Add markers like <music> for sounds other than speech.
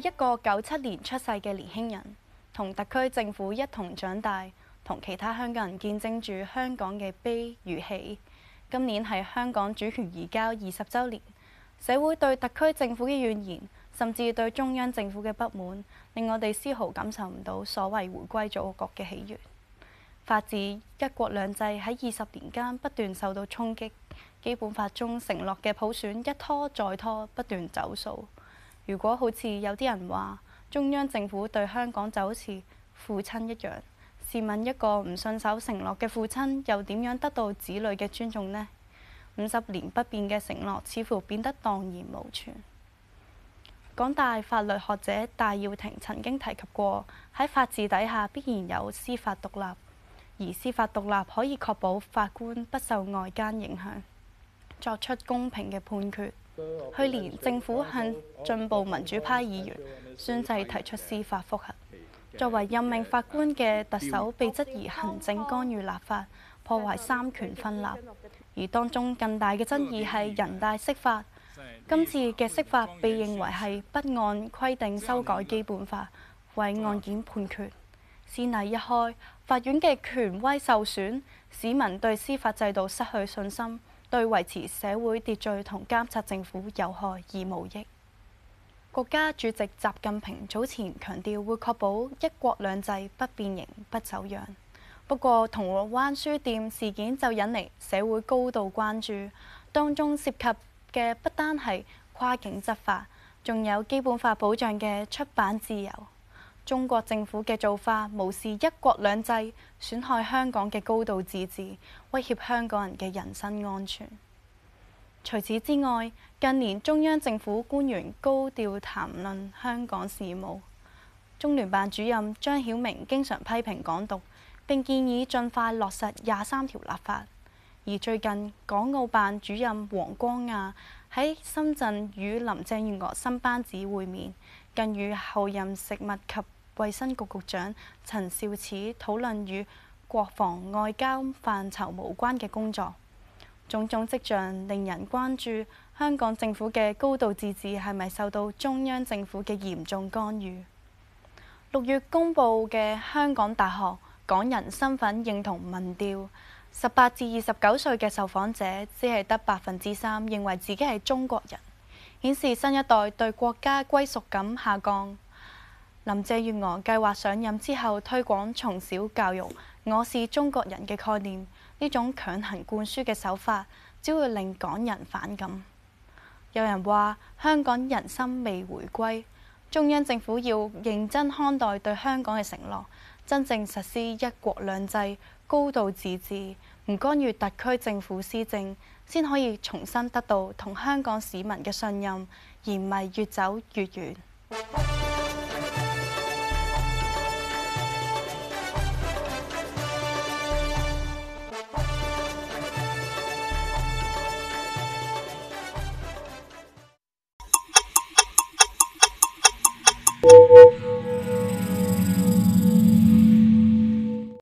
係一個九七年出世嘅年輕人，同特區政府一同長大，同其他香港人見證住香港嘅悲與喜。今年係香港主權移交二十周年，社會對特區政府嘅怨言，甚至對中央政府嘅不滿，令我哋絲毫感受唔到所謂回歸祖國嘅喜悦。法治一國兩制喺二十年間不斷受到衝擊，基本法中承諾嘅普選一拖再拖，不斷走數。如果好似有啲人話中央政府對香港就好似父親一樣，試問一個唔信守承諾嘅父親又點樣得到子女嘅尊重呢？五十年不變嘅承諾似乎變得蕩然無存。港大法律學者戴耀廷曾經提及過，喺法治底下必然有司法獨立，而司法獨立可以確保法官不受外間影響，作出公平嘅判決。去年政府向進步民主派議員宣誓提出司法覆核，作為任命法官嘅特首被質疑行政干預立法，破壞三權分立。而當中更大嘅爭議係人大釋法，今次嘅釋法被認為係不按規定修改基本法，為案件判決。先例一開，法院嘅權威受損，市民對司法制度失去信心。對維持社會秩序同監察政府有害而無益。國家主席習近平早前強調會確保一國兩制不變形不走樣。不過，銅鑼灣書店事件就引嚟社會高度關注，當中涉及嘅不單係跨境執法，仲有基本法保障嘅出版自由。中國政府嘅做法無視一國兩制，損害香港嘅高度自治，威脅香港人嘅人身安全。除此之外，近年中央政府官員高調談論香港事務。中聯辦主任張曉明經常批評港獨，並建議盡快落實廿三條立法。而最近，港澳辦主任王光亞喺深圳與林鄭月娥新班子會面。更與後任食物及衛生局局長陳肇始討論與國防外交範疇無關嘅工作，種種跡象令人關注香港政府嘅高度自治係咪受到中央政府嘅嚴重干預？六月公佈嘅香港大學港人身份認同民調，十八至二十九歲嘅受訪者只係得百分之三認為自己係中國人。顯示新一代對國家歸屬感下降。林鄭月娥計劃上任之後，推廣從小教育，我是中國人嘅概念，呢種強行灌輸嘅手法，只會令港人反感。有人話香港人心未回歸，中央政府要認真看待對香港嘅承諾，真正實施一國兩制、高度自治。唔干預特區政府施政，先可以重新得到同香港市民嘅信任，而唔係越走越遠。 <music>